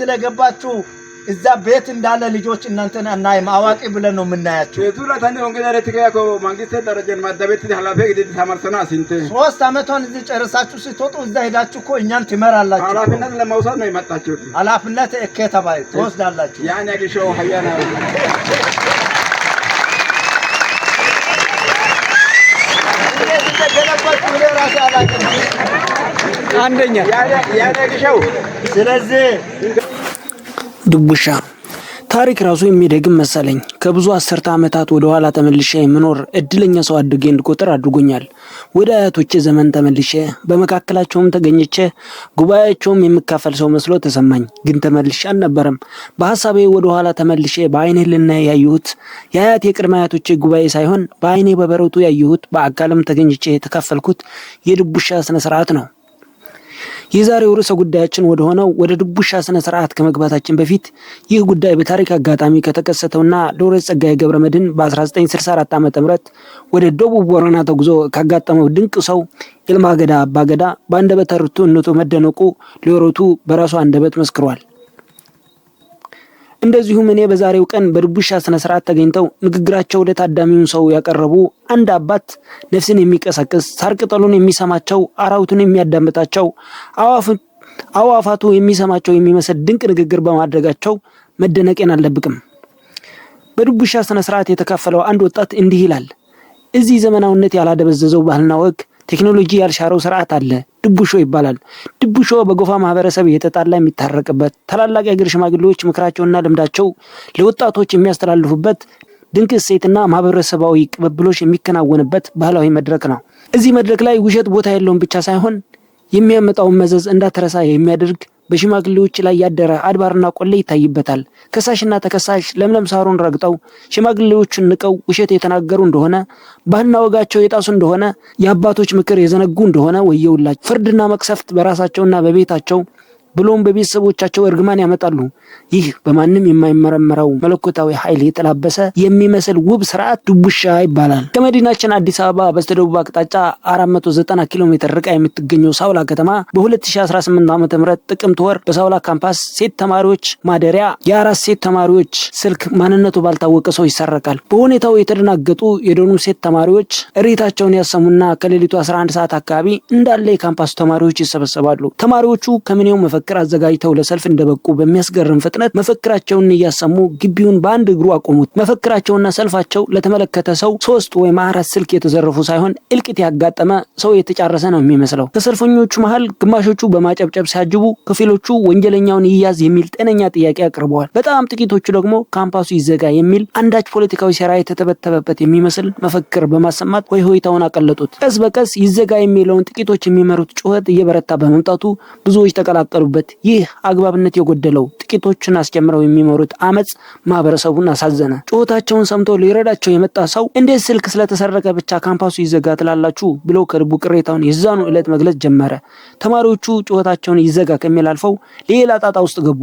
ስለገባችሁ እዛ ቤት እንዳለ ልጆች እናንተን አናይም፣ አዋቂ ብለን ነው የምናያቸው። ሶስት ዓመቷን እዚህ ጨርሳችሁ ስትወጡ እዛ ሄዳችሁ እኮ እኛን ትመራላችሁ። ኃላፊነት ለመውሰድ ነው የመጣችሁት። ኃላፊነት እኬ ተባይ ትወስዳላችሁ። አንደኛ ያነግሸው። ስለዚህ ድቡሻ ታሪክ ራሱ የሚደግም መሰለኝ። ከብዙ አስርተ ዓመታት ወደ ኋላ ተመልሼ የምኖር እድለኛ ሰው አድጌ እንድቆጥር አድርጎኛል። ወደ አያቶቼ ዘመን ተመልሼ በመካከላቸውም ተገኝቼ ጉባኤያቸውም የምካፈል ሰው መስሎ ተሰማኝ። ግን ተመልሼ አልነበረም። በሀሳቤ ወደ ኋላ ተመልሼ በአይኔ ልና ያየሁት የአያት የቅድመ አያቶቼ ጉባኤ ሳይሆን በአይኔ በበረቱ ያየሁት በአካልም ተገኝቼ የተካፈልኩት የድቡሻ ስነስርዓት ነው። የዛሬው ርዕሰ ጉዳያችን ወደ ሆነው ወደ ድቡሻ ስነ ስርዓት ከመግባታችን በፊት ይህ ጉዳይ በታሪክ አጋጣሚ ከተከሰተውና ዶክተር ጸጋዬ ገብረ መድን በ1964 ዓ.ም ወደ ደቡብ ቦረና ተጉዞ ካጋጠመው ድንቅ ሰው ይልማገዳ አባገዳ በአንደበተ ርቱዕነቱ መደነቁ ሊወረቱ በራሱ አንደበት መስክሯል። እንደዚሁም እኔ በዛሬው ቀን በድቡሻ ስነ ስርዓት ተገኝተው ንግግራቸው ወደ ታዳሚውን ሰው ያቀረቡ አንድ አባት ነፍስን የሚቀሰቅስ ሳር ቅጠሉን የሚሰማቸው አራዊቱን የሚያዳምጣቸው አዋፋቱ የሚሰማቸው የሚመስል ድንቅ ንግግር በማድረጋቸው መደነቄን አልደብቅም። በድቡሻ ስነ ስርዓት የተካፈለው አንድ ወጣት እንዲህ ይላል። እዚህ ዘመናዊነት ያላደበዘዘው ባህልና ወግ ቴክኖሎጂ ያልሻረው ስርዓት አለ። ድቡሾ ይባላል። ድቡሾ በጎፋ ማህበረሰብ እየተጣላ የሚታረቅበት፣ ታላላቅ የሀገር ሽማግሌዎች ምክራቸውና ልምዳቸው ለወጣቶች የሚያስተላልፉበት ድንቅ እሴትና ማህበረሰባዊ ቅብብሎች የሚከናወንበት ባህላዊ መድረክ ነው። እዚህ መድረክ ላይ ውሸት ቦታ የለውም ብቻ ሳይሆን የሚያመጣውን መዘዝ እንዳትረሳ የሚያደርግ በሽማግሌዎች ላይ ያደረ አድባርና ቆሌ ይታይበታል። ከሳሽና ተከሳሽ ለምለም ሳሩን ረግጠው ሽማግሌዎቹን ንቀው ውሸት የተናገሩ እንደሆነ ባህልና ወጋቸው የጣሱ እንደሆነ የአባቶች ምክር የዘነጉ እንደሆነ ወየውላቸው። ፍርድና መቅሰፍት በራሳቸውና በቤታቸው ብሎም በቤተሰቦቻቸው እርግማን ያመጣሉ። ይህ በማንም የማይመረመረው መለኮታዊ ኃይል የተላበሰ የሚመስል ውብ ስርዓት ድቡሻ ይባላል። ከመዲናችን አዲስ አበባ በስተደቡብ አቅጣጫ 490 ኪሎ ሜትር ርቃ የምትገኘው ሳውላ ከተማ በ2018 ዓ ም ጥቅምት ወር በሳውላ ካምፓስ ሴት ተማሪዎች ማደሪያ የአራት ሴት ተማሪዎች ስልክ ማንነቱ ባልታወቀ ሰው ይሰረቃል። በሁኔታው የተደናገጡ የደኑ ሴት ተማሪዎች እሬታቸውን ያሰሙና ከሌሊቱ 11 ሰዓት አካባቢ እንዳለ የካምፓሱ ተማሪዎች ይሰበሰባሉ። ተማሪዎቹ ከምኔው መፈ መፈክር አዘጋጅተው ለሰልፍ እንደበቁ በሚያስገርም ፍጥነት መፈክራቸውን እያሰሙ ግቢውን በአንድ እግሩ አቆሙት። መፈክራቸውና ሰልፋቸው ለተመለከተ ሰው ሶስት ወይም አራት ስልክ የተዘረፉ ሳይሆን እልቂት ያጋጠመ ሰው የተጫረሰ ነው የሚመስለው። ከሰልፈኞቹ መሀል ግማሾቹ በማጨብጨብ ሲያጅቡ፣ ከፊሎቹ ወንጀለኛውን ይያዝ የሚል ጤነኛ ጥያቄ አቅርበዋል። በጣም ጥቂቶቹ ደግሞ ካምፓሱ ይዘጋ የሚል አንዳች ፖለቲካዊ ሴራ የተተበተበበት የሚመስል መፈክር በማሰማት ሆይ ሆይታውን አቀለጡት። ቀስ በቀስ ይዘጋ የሚለውን ጥቂቶች የሚመሩት ጩኸት እየበረታ በመምጣቱ ብዙዎች ተቀላቀሉ። ያሉበት ይህ አግባብነት የጎደለው ጥቂቶችን አስጨምረው የሚመሩት አመፅ ማህበረሰቡን አሳዘነ። ጩኸታቸውን ሰምቶ ሊረዳቸው የመጣ ሰው እንዴት ስልክ ስለተሰረቀ ብቻ ካምፓሱ ይዘጋ ትላላችሁ ብሎ ከልቡ ቅሬታውን የዛኑ ዕለት መግለጽ ጀመረ። ተማሪዎቹ ጩኸታቸውን ይዘጋ ከሚል አልፈው ሌላ ጣጣ ውስጥ ገቡ።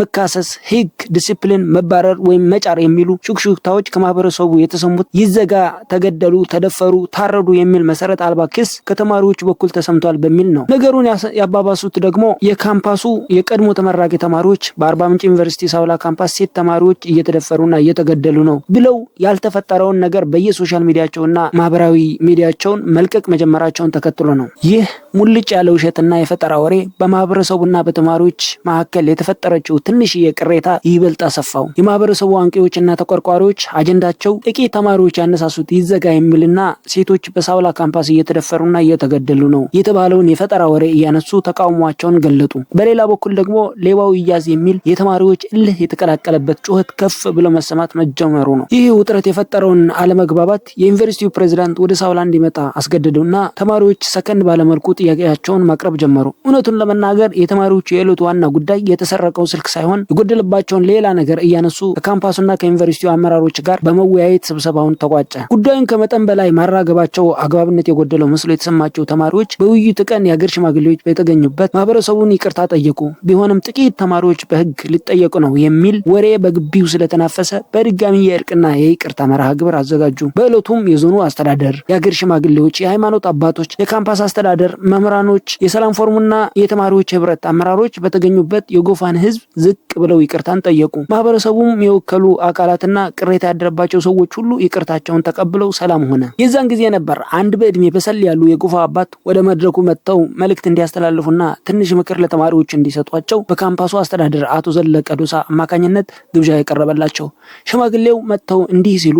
መካሰስ፣ ህግ፣ ዲሲፕሊን፣ መባረር ወይም መጫር የሚሉ ሹክሹክታዎች ከማህበረሰቡ የተሰሙት ይዘጋ፣ ተገደሉ፣ ተደፈሩ፣ ታረዱ የሚል መሰረት አልባ ክስ ከተማሪዎቹ በኩል ተሰምቷል በሚል ነው። ነገሩን ያባባሱት ደግሞ የካምፓሱ የቀድሞ ተመራቂ ተማሪዎች በአርባ ምንጭ ዩኒቨርሲቲ ሳውላ ካምፓስ ሴት ተማሪዎች እየተደፈሩና እየተገደሉ ነው ብለው ያልተፈጠረውን ነገር በየሶሻል ሚዲያቸውና ማህበራዊ ሚዲያቸውን መልቀቅ መጀመራቸውን ተከትሎ ነው። ይህ ሙልጭ ያለ ውሸትና የፈጠራ ወሬ በማህበረሰቡና በተማሪዎች መካከል የተፈጠረችው ትንሽዬ ቅሬታ ይበልጥ አሰፋው። የማህበረሰቡ አንቂዎችና ተቆርቋሪዎች አጀንዳቸው ጥቂት ተማሪዎች ያነሳሱት ይዘጋ የሚልና ሴቶች በሳውላ ካምፓስ እየተደፈሩና እየተገደሉ ነው የተባለውን የፈጠራ ወሬ እያነሱ ተቃውሟቸውን ገለጡ። በሌላ በኩል ደግሞ ሌባው ይያዝ የሚል የተማሪዎች እልህ የተቀላቀለበት ጩኸት ከፍ ብሎ መሰማት መጀመሩ ነው። ይህ ውጥረት የፈጠረውን አለመግባባት የዩኒቨርሲቲው ፕሬዚዳንት ወደ ሳውላ እንዲመጣ አስገደደውና ተማሪዎች ሰከንድ ባለመልኩ ጥያቄያቸውን ማቅረብ ጀመሩ። እውነቱን ለመናገር የተማሪዎቹ የዕለቱ ዋና ጉዳይ የተሰረቀው ስልክ ሳይሆን የጎደለባቸውን ሌላ ነገር እያነሱ ከካምፓሱና ከዩኒቨርሲቲው አመራሮች ጋር በመወያየት ስብሰባውን ተቋጨ። ጉዳዩን ከመጠን በላይ ማራገባቸው አግባብነት የጎደለው መስሎ የተሰማቸው ተማሪዎች በውይይቱ ቀን የአገር ሽማግሌዎች በተገኙበት ማህበረሰቡን ይቅርታ ጠየቁ። ቢሆንም ጥቂት ተማሪዎች በህግ ሊጠየቁ ነው የሚል ወሬ በግቢው ስለተናፈሰ በድጋሚ የእርቅና የይቅርታ መርሃ ግብር አዘጋጁ። በዕለቱም የዞኑ አስተዳደር፣ የአገር ሽማግሌዎች፣ የሃይማኖት አባቶች፣ የካምፓስ አስተዳደር፣ መምህራኖች፣ የሰላም ፎርሙና የተማሪዎች ህብረት አመራሮች በተገኙበት የጎፋን ህዝብ ዝቅ ብለው ይቅርታን ጠየቁ። ማህበረሰቡም የወከሉ አካላትና ቅሬታ ያደረባቸው ሰዎች ሁሉ ይቅርታቸውን ተቀብለው ሰላም ሆነ። የዛን ጊዜ ነበር አንድ በእድሜ በሰል ያሉ የጎፋ አባት ወደ መድረኩ መጥተው መልእክት እንዲያስተላልፉና ትንሽ ምክር ለተማሪዎች እንዲሰጧቸው በካምፓሱ አስተዳደር አቶ ዘለቀ ዶሳ አማካኝነት ግብዣ የቀረበላቸው። ሽማግሌው መጥተው እንዲህ ሲሉ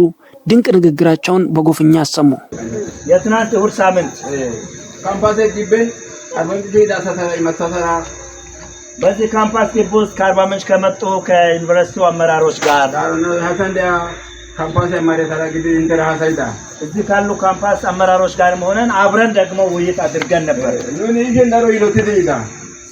ድንቅ ንግግራቸውን በጎፍኛ አሰሙ። የትናንት እሑድ ሳምንት ካምፓሴ ጊቤ አርበንጊዜ ዳሰተ መተሰራ በዚህ ካምፓስ ግቢ ውስጥ ከአርባ ምንጭ ከመጡ ከዩኒቨርሲቲው አመራሮች ጋር እዚህ ካሉ ካምፓስ አመራሮች ጋር መሆነን አብረን ደግሞ ውይይት አድርገን ነበር።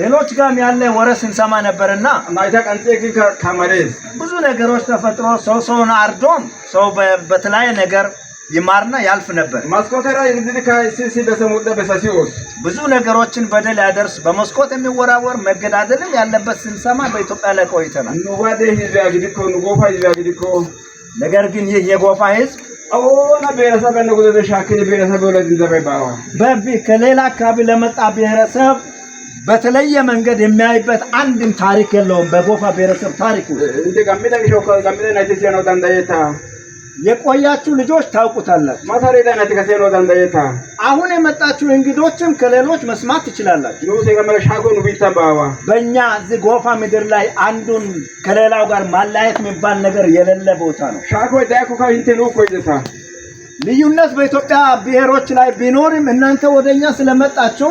ሌሎች ጋርም ያለ ወሬ ስንሰማ ነበርና ብዙ ነገሮች ተፈጥሮ ሰው ሰውን አርዶም ሰው በተለያየ ነገር ይማርና ያልፍ ነበር። ብዙ ነገሮችን በደል ያደርስ በመስኮት የሚወራወር መገዳደልም ያለበት ስንሰማ በኢትዮጵያ ላይ ቆይተናል። ነገር ግን ይህ የጎፋ ህዝብ አሁን ብሔረሰብ ከሌላ አካባቢ ለመጣ ብሔረሰብ በተለየ መንገድ የሚያይበት አንድም ታሪክ የለውም። በጎፋ ብሔረሰብ ታሪክ የቆያችሁ ልጆች ታውቁታላችሁ። አሁን የመጣችሁ እንግዶችም ከሌሎች መስማት ትችላላችሁ። በእኛ እዚህ ጎፋ ምድር ላይ አንዱን ከሌላው ጋር ማለያየት የሚባል ነገር የሌለ ቦታ ነው። ልዩነት በኢትዮጵያ ብሔሮች ላይ ቢኖርም እናንተ ወደኛ ስለመጣችሁ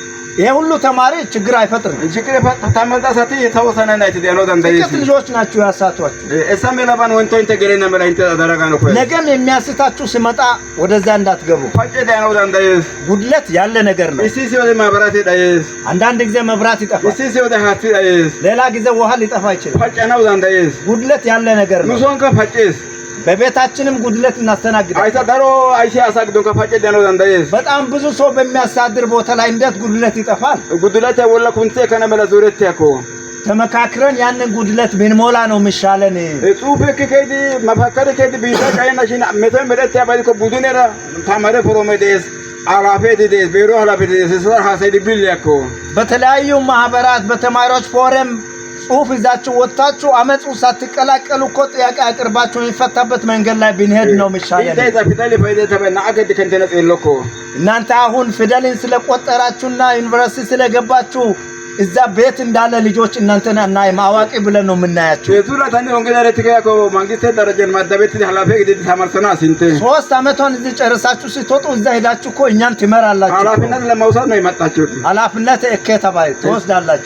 ይሄ ሁሉ ተማሪ ችግር አይፈጥርም። ችግር ታመጣ ሳቲ የተወሰነ ናይት ዲያሎ ደንበ ጥቂት ልጆች ናቸው ያሳቷችሁ። እሳም ለባን ወንቶ ኢንተግሬ ነው ማለት ተደረጋ ነው። ኮይ ነገም የሚያስታችሁ ሲመጣ ወደዛ እንዳትገቡ። ፈጨ ዲያሎ ደንበ ጉድለት ያለ ነገር ነው። እሺ ሲወደ መብራት ይዳይስ አንዳንድ ጊዜ መብራት ይጠፋል። እሺ ሲወደ ሀቲ ይዳይስ ሌላ ጊዜ ውሃ ሊጠፋ ይችላል። ፈጨ ነው ደንበ ጉድለት ያለ ነገር ነው። ሙሶን ከፈጨስ በቤታችንም ጉድለት እናስተናግዳለን። በጣም ብዙ ሰው በሚያሳድር ቦታ ላይ እንዴት ጉድለት ይጠፋል? ጉድለት ወላ ኩንቴ ከነመለ ዙረት ያኮ ተመካክረን ያንን ጉድለት ብንሞላ ነው የሚሻለን። ጹፍ ከዲ መፋከረ ከዲ ቢዛ ካይና ሽና መተን መደት ያባልኩ ቡዱኔራ ታማረ ፕሮሜዴስ አላፌዴስ ቢሮ አላፌዴስ ሰር ሀሰይድ ቢል ያኮ በተለያዩ ማህበራት በተማሪዎች ፎረም ጽሁፍ ይዛችሁ ወጥታችሁ አመፁ ሳትቀላቀሉ እኮ ጥያቄ አቅርባችሁ የሚፈታበት መንገድ ላይ ብንሄድ ነው የሚሻለው። እናንተ አሁን ፊደልን ስለቆጠራችሁና ዩኒቨርሲቲ ስለገባችሁ እዛ ቤት እንዳለ ልጆች እናንተን አናይም፣ አዋቂ ብለን ነው የምናያቸው። ሶስት አመቷን እዚህ ጨርሳችሁ ስትወጡ እዛ ሄዳችሁ እኮ እኛን ትመራላችሁ። ኃላፊነት ለመውሰድ ነው የመጣችሁት። ኃላፊነት እከ ተባይ ትወስዳላችሁ።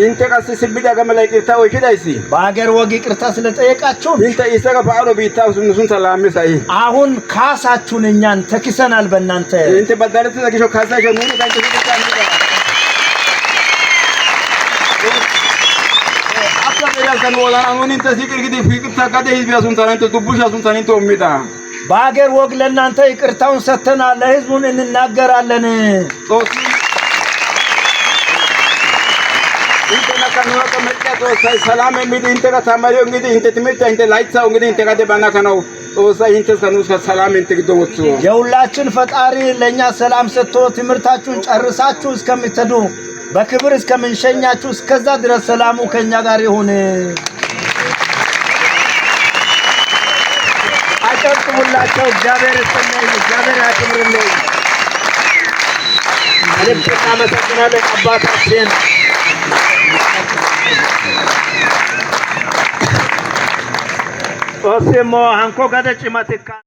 ይንጠቃስ ስብዳ ገመላ ይቅርታ ወይሽዳይሲ በአገር ወግ ቅርታ ስለጠየቃችሁ ይንተ ይሰቀ ፈአሎ ቢታ ንሱን ሰላምስ አይ አሁን ካሳችሁን እኛን ተክሰናል። በእናንተ ይንተ በዳለት ተኪሾ ካሳ ሸሙኑ ታንቺ በአገር ወግ ለእናንተ ይቅርታውን ሰጥተናል። ለህዝቡን እንናገራለን። ఇంతనకనుక ሰላም እንግዲህ ఇంተጋ ተማሪው እንግዲህ ఇంత ትምህርት እንተ ላይትሳው እንግዲህ ఇంተጋ ደባና ከነው ኦሳ ఇంተ ሰኑስ ሰላም እንተ ግደውት የሁላችን ፈጣሪ ለኛ ሰላም ሰጥቶ ትምህርታችሁን ጨርሳችሁ እስከምትሄዱ በክብር እስከምንሸኛችሁ እስከዛ ድረስ ሰላሙ ከኛ ጋር ይሁን። አጨብጭቡላቸው። እግዚአብሔር ይስጥልኝ። እግዚአብሔር ያክብርልኝ። ልብ እናመሰግናለን አባታችን Você morre, um cogada te matar.